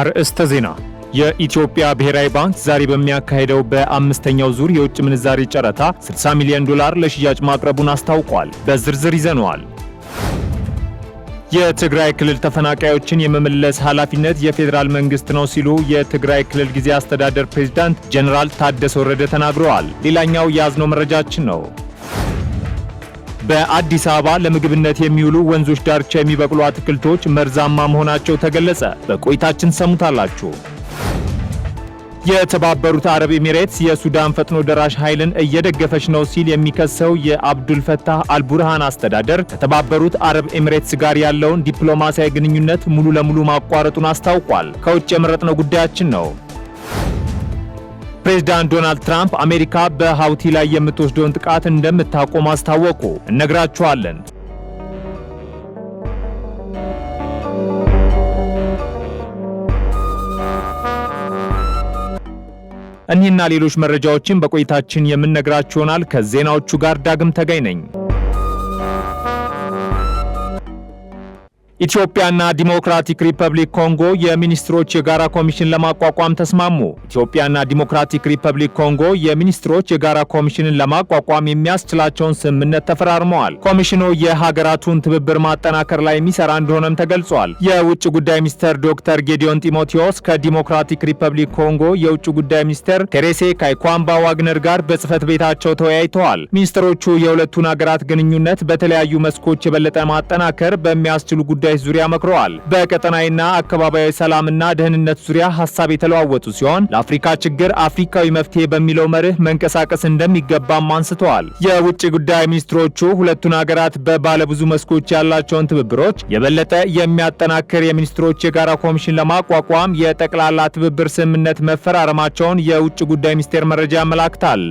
አርዕስተ ዜና የኢትዮጵያ ብሔራዊ ባንክ ዛሬ በሚያካሄደው በአምስተኛው ዙር የውጭ ምንዛሪ ጨረታ 60 ሚሊዮን ዶላር ለሽያጭ ማቅረቡን አስታውቋል። በዝርዝር ይዘነዋል። የትግራይ ክልል ተፈናቃዮችን የመመለስ ኃላፊነት የፌዴራል መንግስት ነው ሲሉ የትግራይ ክልል ጊዜ አስተዳደር ፕሬዝዳንት ጀነራል ታደሰ ወረደ ተናግረዋል። ሌላኛው የያዝነው መረጃችን ነው። በአዲስ አበባ ለምግብነት የሚውሉ ወንዞች ዳርቻ የሚበቅሉ አትክልቶች መርዛማ መሆናቸው ተገለጸ። በቆይታችን ሰሙታላችሁ። የተባበሩት አረብ ኤሚሬትስ የሱዳን ፈጥኖ ደራሽ ኃይልን እየደገፈች ነው ሲል የሚከሰው የአብዱልፈታህ አልቡርሃን አስተዳደር ከተባበሩት አረብ ኤሚሬትስ ጋር ያለውን ዲፕሎማሲያዊ ግንኙነት ሙሉ ለሙሉ ማቋረጡን አስታውቋል። ከውጭ የመረጥነው ጉዳያችን ነው። ፕሬዝዳንት ዶናልድ ትራምፕ አሜሪካ በሀውቲ ላይ የምትወስደውን ጥቃት እንደምታቆም አስታወቁ። እነግራችኋለን። እኒህና ሌሎች መረጃዎችን በቆይታችን የምንነግራችሁ ይሆናል። ከዜናዎቹ ጋር ዳግም ተገኝ ነኝ። ኢትዮጵያና ዲሞክራቲክ ሪፐብሊክ ኮንጎ የሚኒስትሮች የጋራ ኮሚሽን ለማቋቋም ተስማሙ። ኢትዮጵያና ዲሞክራቲክ ሪፐብሊክ ኮንጎ የሚኒስትሮች የጋራ ኮሚሽንን ለማቋቋም የሚያስችላቸውን ስምምነት ተፈራርመዋል። ኮሚሽኑ የሀገራቱን ትብብር ማጠናከር ላይ የሚሰራ እንደሆነም ተገልጿል። የውጭ ጉዳይ ሚኒስትር ዶክተር ጌዲዮን ጢሞቴዎስ ከዲሞክራቲክ ሪፐብሊክ ኮንጎ የውጭ ጉዳይ ሚኒስትር ቴሬሴ ካይኳምባ ዋግነር ጋር በጽህፈት ቤታቸው ተወያይተዋል። ሚኒስትሮቹ የሁለቱን ሀገራት ግንኙነት በተለያዩ መስኮች የበለጠ ማጠናከር በሚያስችሉ ጉዳዮች ጉዳዮች ዙሪያ መክረዋል። በቀጠናዊና አካባቢያዊ ሰላምና ደህንነት ዙሪያ ሀሳብ የተለዋወጡ ሲሆን ለአፍሪካ ችግር አፍሪካዊ መፍትሄ በሚለው መርህ መንቀሳቀስ እንደሚገባም አንስተዋል። የውጭ ጉዳይ ሚኒስትሮቹ ሁለቱን ሀገራት በባለብዙ መስኮች ያላቸውን ትብብሮች የበለጠ የሚያጠናክር የሚኒስትሮች የጋራ ኮሚሽን ለማቋቋም የጠቅላላ ትብብር ስምምነት መፈራረማቸውን የውጭ ጉዳይ ሚኒስቴር መረጃ ያመላክታል።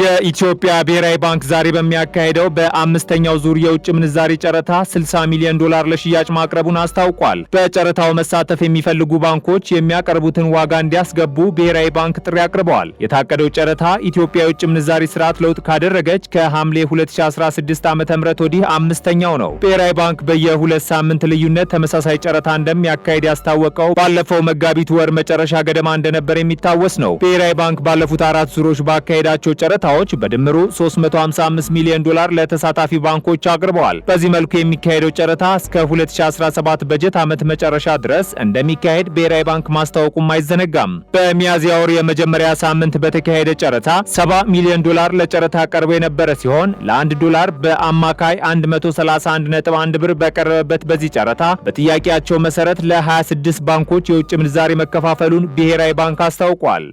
የኢትዮጵያ ብሔራዊ ባንክ ዛሬ በሚያካሄደው በአምስተኛው ዙር የውጭ ምንዛሬ ጨረታ 60 ሚሊዮን ዶላር ለሽያጭ ማቅረቡን አስታውቋል። በጨረታው መሳተፍ የሚፈልጉ ባንኮች የሚያቀርቡትን ዋጋ እንዲያስገቡ ብሔራዊ ባንክ ጥሪ አቅርበዋል። የታቀደው ጨረታ ኢትዮጵያ የውጭ ምንዛሬ ስርዓት ለውጥ ካደረገች ከሐምሌ 2016 ዓ ም ወዲህ አምስተኛው ነው። ብሔራዊ ባንክ በየሁለት ሳምንት ልዩነት ተመሳሳይ ጨረታ እንደሚያካሄድ ያስታወቀው ባለፈው መጋቢት ወር መጨረሻ ገደማ እንደነበር የሚታወስ ነው። ብሔራዊ ባንክ ባለፉት አራት ዙሮች ባካሄዳቸው ጨረታ እርዳታዎች በድምሩ 355 ሚሊዮን ዶላር ለተሳታፊ ባንኮች አቅርበዋል። በዚህ መልኩ የሚካሄደው ጨረታ እስከ 2017 በጀት ዓመት መጨረሻ ድረስ እንደሚካሄድ ብሔራዊ ባንክ ማስታወቁም አይዘነጋም። በሚያዝያ ወር የመጀመሪያ ሳምንት በተካሄደ ጨረታ 70 ሚሊዮን ዶላር ለጨረታ ቀርቦ የነበረ ሲሆን ለአንድ ዶላር በአማካይ 131.1 ብር በቀረበበት በዚህ ጨረታ በጥያቄያቸው መሰረት ለ26 ባንኮች የውጭ ምንዛሬ መከፋፈሉን ብሔራዊ ባንክ አስታውቋል።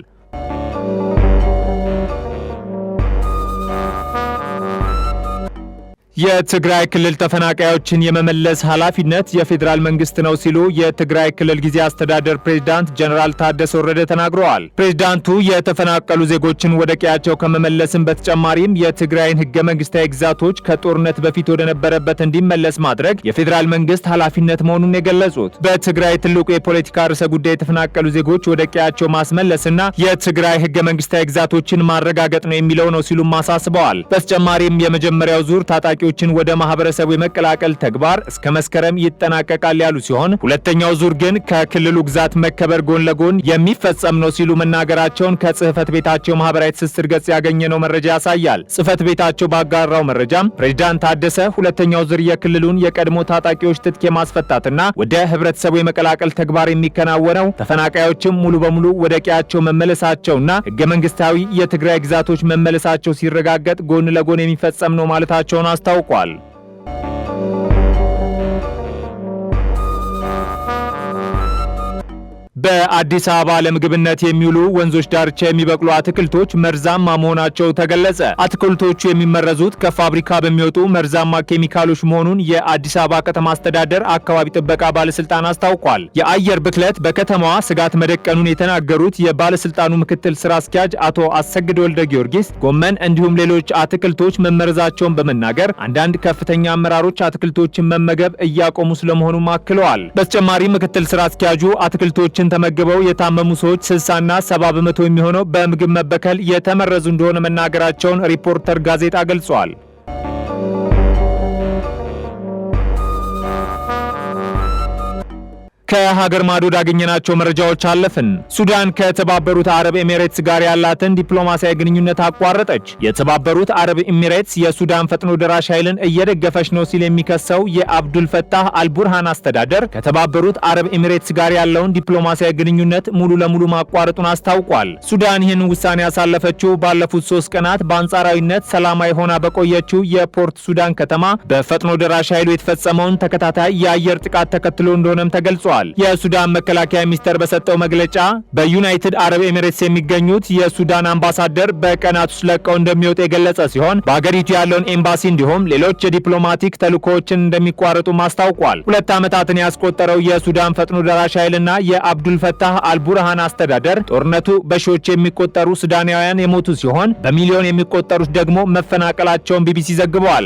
የትግራይ ክልል ተፈናቃዮችን የመመለስ ኃላፊነት የፌዴራል መንግስት ነው ሲሉ የትግራይ ክልል ጊዜ አስተዳደር ፕሬዝዳንት ጀኔራል ታደሰ ወረደ ተናግረዋል። ፕሬዚዳንቱ የተፈናቀሉ ዜጎችን ወደ ቀያቸው ከመመለስም በተጨማሪም የትግራይን ህገ መንግስታዊ ግዛቶች ከጦርነት በፊት ወደነበረበት እንዲመለስ ማድረግ የፌዴራል መንግስት ኃላፊነት መሆኑን የገለጹት በትግራይ ትልቁ የፖለቲካ ርዕሰ ጉዳይ የተፈናቀሉ ዜጎች ወደ ቀያቸው ማስመለስና የትግራይ ህገ መንግስታዊ ግዛቶችን ማረጋገጥ ነው የሚለው ነው ሲሉም አሳስበዋል። በተጨማሪም የመጀመሪያው ዙር ታጣቂ ታጣቂዎችን ወደ ማህበረሰቡ የመቀላቀል ተግባር እስከ መስከረም ይጠናቀቃል ያሉ ሲሆን ሁለተኛው ዙር ግን ከክልሉ ግዛት መከበር ጎን ለጎን የሚፈጸም ነው ሲሉ መናገራቸውን ከጽህፈት ቤታቸው ማህበራዊ ትስስር ገጽ ያገኘነው መረጃ ያሳያል። ጽህፈት ቤታቸው ባጋራው መረጃም ፕሬዚዳንት ታደሰ ሁለተኛው ዙር የክልሉን የቀድሞ ታጣቂዎች ትጥቅ የማስፈታትና ወደ ህብረተሰቡ የመቀላቀል ተግባር የሚከናወነው ተፈናቃዮችም ሙሉ በሙሉ ወደ ቀያቸው መመለሳቸውና ህገ መንግስታዊ የትግራይ ግዛቶች መመለሳቸው ሲረጋገጥ ጎን ለጎን የሚፈጸም ነው ማለታቸውን አስታው አስታውቋል። በአዲስ አበባ ለምግብነት የሚውሉ ወንዞች ዳርቻ የሚበቅሉ አትክልቶች መርዛማ መሆናቸው ተገለጸ። አትክልቶቹ የሚመረዙት ከፋብሪካ በሚወጡ መርዛማ ኬሚካሎች መሆኑን የአዲስ አበባ ከተማ አስተዳደር አካባቢ ጥበቃ ባለስልጣን አስታውቋል። የአየር ብክለት በከተማዋ ስጋት መደቀኑን የተናገሩት የባለስልጣኑ ምክትል ስራ አስኪያጅ አቶ አሰግድ ወልደ ጊዮርጊስ ጎመን፣ እንዲሁም ሌሎች አትክልቶች መመረዛቸውን በመናገር አንዳንድ ከፍተኛ አመራሮች አትክልቶችን መመገብ እያቆሙ ስለመሆኑም አክለዋል። በተጨማሪ ምክትል ስራ አስኪያጁ አትክልቶችን ተመግበው የታመሙ ሰዎች 60 እና 70 በመቶ የሚሆነው በምግብ መበከል የተመረዙ እንደሆነ መናገራቸውን ሪፖርተር ጋዜጣ ገልጿል። ከሀገር ማዶ ያገኘናቸው መረጃዎች አለፍን። ሱዳን ከተባበሩት አረብ ኤሚሬትስ ጋር ያላትን ዲፕሎማሲያዊ ግንኙነት አቋረጠች። የተባበሩት አረብ ኤሚሬትስ የሱዳን ፈጥኖ ደራሽ ኃይልን እየደገፈች ነው ሲል የሚከሰው የአብዱልፈታህ አልቡርሃን አስተዳደር ከተባበሩት አረብ ኤሚሬትስ ጋር ያለውን ዲፕሎማሲያዊ ግንኙነት ሙሉ ለሙሉ ማቋረጡን አስታውቋል። ሱዳን ይህን ውሳኔ ያሳለፈችው ባለፉት ሶስት ቀናት በአንጻራዊነት ሰላማዊ ሆና በቆየችው የፖርት ሱዳን ከተማ በፈጥኖ ደራሽ ኃይሉ የተፈጸመውን ተከታታይ የአየር ጥቃት ተከትሎ እንደሆነም ተገልጿል። ተናግረዋል። የሱዳን መከላከያ ሚኒስቴር በሰጠው መግለጫ በዩናይትድ አረብ ኤሚሬትስ የሚገኙት የሱዳን አምባሳደር በቀናት ውስጥ ለቀው እንደሚወጡ የገለጸ ሲሆን በአገሪቱ ያለውን ኤምባሲ እንዲሁም ሌሎች የዲፕሎማቲክ ተልእኮዎችን እንደሚቋረጡ ማስታውቋል። ሁለት ዓመታትን ያስቆጠረው የሱዳን ፈጥኖ ደራሽ ኃይልና የአብዱልፈታህ አልቡርሃን አስተዳደር ጦርነቱ በሺዎች የሚቆጠሩ ሱዳናውያን የሞቱ ሲሆን በሚሊዮን የሚቆጠሩት ደግሞ መፈናቀላቸውን ቢቢሲ ዘግበዋል።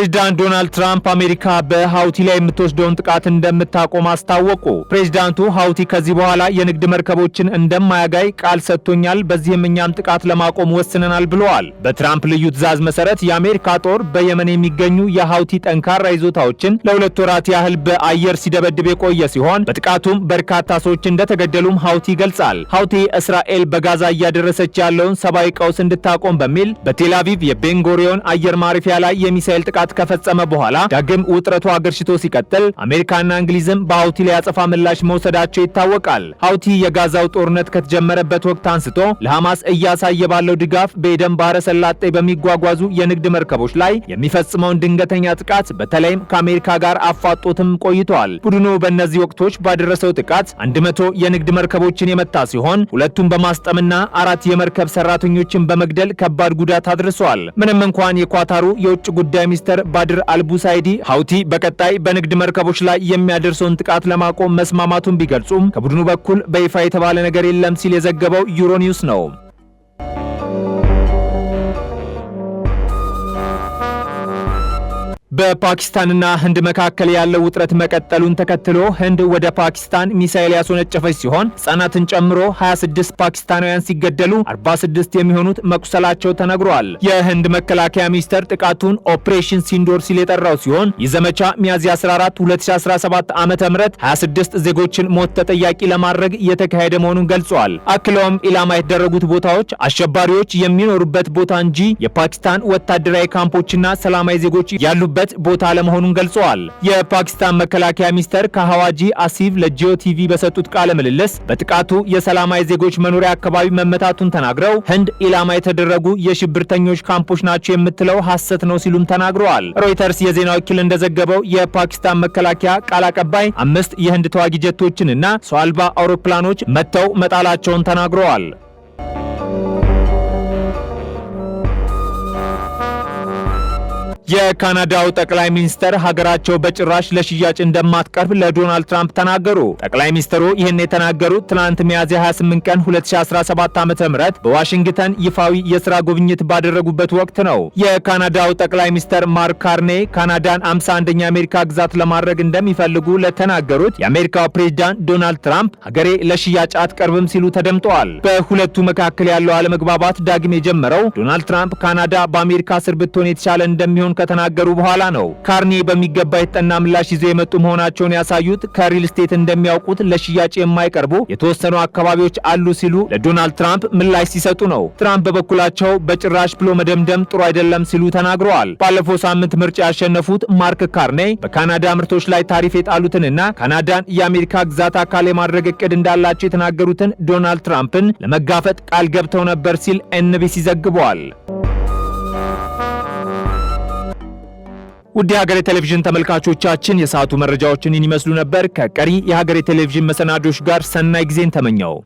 ፕሬዚዳንት ዶናልድ ትራምፕ አሜሪካ በሀውቲ ላይ የምትወስደውን ጥቃት እንደምታቆም አስታወቁ። ፕሬዚዳንቱ ሀውቲ ከዚህ በኋላ የንግድ መርከቦችን እንደማያጋይ ቃል ሰጥቶኛል፣ በዚህም እኛም ጥቃት ለማቆም ወስነናል ብለዋል። በትራምፕ ልዩ ትዕዛዝ መሰረት የአሜሪካ ጦር በየመን የሚገኙ የሀውቲ ጠንካራ ይዞታዎችን ለሁለት ወራት ያህል በአየር ሲደበድብ የቆየ ሲሆን በጥቃቱም በርካታ ሰዎች እንደተገደሉም ሀውቲ ይገልጻል። ሀውቲ እስራኤል በጋዛ እያደረሰች ያለውን ሰብአዊ ቀውስ እንድታቆም በሚል በቴል አቪቭ የቤንጎሪዮን አየር ማረፊያ ላይ የሚሳኤል ጥቃት ጥቃት ከፈጸመ በኋላ ዳግም ውጥረቱ አገርሽቶ ሲቀጥል አሜሪካና እንግሊዝም በሀውቲ ላይ አጸፋ ምላሽ መውሰዳቸው ይታወቃል። ሀውቲ የጋዛው ጦርነት ከተጀመረበት ወቅት አንስቶ ለሐማስ እያሳየ ባለው ድጋፍ በኤደን ባህረ ሰላጤ በሚጓጓዙ የንግድ መርከቦች ላይ የሚፈጽመውን ድንገተኛ ጥቃት በተለይም ከአሜሪካ ጋር አፋጦትም ቆይተዋል። ቡድኑ በእነዚህ ወቅቶች ባደረሰው ጥቃት 100 የንግድ መርከቦችን የመታ ሲሆን ሁለቱን በማስጠምና አራት የመርከብ ሰራተኞችን በመግደል ከባድ ጉዳት አድርሰዋል። ምንም እንኳን የኳታሩ የውጭ ጉዳይ ሚኒስተር ዳይሬክተር ባድር አልቡሳይዲ ሀውቲ በቀጣይ በንግድ መርከቦች ላይ የሚያደርሰውን ጥቃት ለማቆም መስማማቱን ቢገልጹም ከቡድኑ በኩል በይፋ የተባለ ነገር የለም ሲል የዘገበው ዩሮኒውስ ነው። በፓኪስታንና ህንድ መካከል ያለው ውጥረት መቀጠሉን ተከትሎ ህንድ ወደ ፓኪስታን ሚሳኤል ያስወነጨፈች ሲሆን ህጻናትን ጨምሮ 26 ፓኪስታናውያን ሲገደሉ 46 የሚሆኑት መቁሰላቸው ተነግሯል። የህንድ መከላከያ ሚኒስቴር ጥቃቱን ኦፕሬሽን ሲንዶር ሲል የጠራው ሲሆን ይህ ዘመቻ ሚያዝያ 14 2017 ዓ ም 26 ዜጎችን ሞት ተጠያቂ ለማድረግ እየተካሄደ መሆኑን ገልጿል። አክለውም ኢላማ የተደረጉት ቦታዎች አሸባሪዎች የሚኖሩበት ቦታ እንጂ የፓኪስታን ወታደራዊ ካምፖችና ሰላማዊ ዜጎች ያሉበት የሚገኝበት ቦታ ለመሆኑን ገልጸዋል። የፓኪስታን መከላከያ ሚኒስተር ካሃዋጂ አሲብ ለጂኦ ቲቪ በሰጡት ቃለ ምልልስ በጥቃቱ የሰላማዊ ዜጎች መኖሪያ አካባቢ መመታቱን ተናግረው ህንድ ኢላማ የተደረጉ የሽብርተኞች ካምፖች ናቸው የምትለው ሐሰት ነው ሲሉም ተናግረዋል። ሮይተርስ የዜና ወኪል እንደዘገበው የፓኪስታን መከላከያ ቃል አቀባይ አምስት የህንድ ተዋጊ ጀቶችንና ሰው አልባ አውሮፕላኖች መጥተው መጣላቸውን ተናግረዋል። የካናዳው ጠቅላይ ሚኒስትር ሀገራቸው በጭራሽ ለሽያጭ እንደማትቀርብ ለዶናልድ ትራምፕ ተናገሩ። ጠቅላይ ሚኒስትሩ ይህን የተናገሩት ትናንት ሚያዝያ 28 ቀን 2017 ዓ.ም በዋሽንግተን ይፋዊ የስራ ጉብኝት ባደረጉበት ወቅት ነው። የካናዳው ጠቅላይ ሚኒስተር ማርክ ካርኔ ካናዳን 51ኛ የአሜሪካ ግዛት ለማድረግ እንደሚፈልጉ ለተናገሩት የአሜሪካው ፕሬዚዳንት ዶናልድ ትራምፕ ሀገሬ ለሽያጭ አትቀርብም ሲሉ ተደምጠዋል። በሁለቱ መካከል ያለው አለመግባባት ዳግም የጀመረው ዶናልድ ትራምፕ ካናዳ በአሜሪካ ስር ብትሆን የተሻለ እንደሚሆን ከተናገሩ በኋላ ነው። ካርኒ በሚገባ የተጠና ምላሽ ይዘው የመጡ መሆናቸውን ያሳዩት ከሪል ስቴት እንደሚያውቁት ለሽያጭ የማይቀርቡ የተወሰኑ አካባቢዎች አሉ ሲሉ ለዶናልድ ትራምፕ ምላሽ ሲሰጡ ነው። ትራምፕ በበኩላቸው በጭራሽ ብሎ መደምደም ጥሩ አይደለም ሲሉ ተናግረዋል። ባለፈው ሳምንት ምርጫ ያሸነፉት ማርክ ካርኔ በካናዳ ምርቶች ላይ ታሪፍ የጣሉትንና ካናዳን የአሜሪካ ግዛት አካል የማድረግ እቅድ እንዳላቸው የተናገሩትን ዶናልድ ትራምፕን ለመጋፈጥ ቃል ገብተው ነበር ሲል ኤንቢሲ ዘግቧል። ውድ የሀገሬ ቴሌቪዥን ተመልካቾቻችን የሰዓቱ መረጃዎችን ይመስሉ ነበር። ከቀሪ የሀገሬ ቴሌቪዥን መሰናዶች ጋር ሰናይ ጊዜን ተመኘው።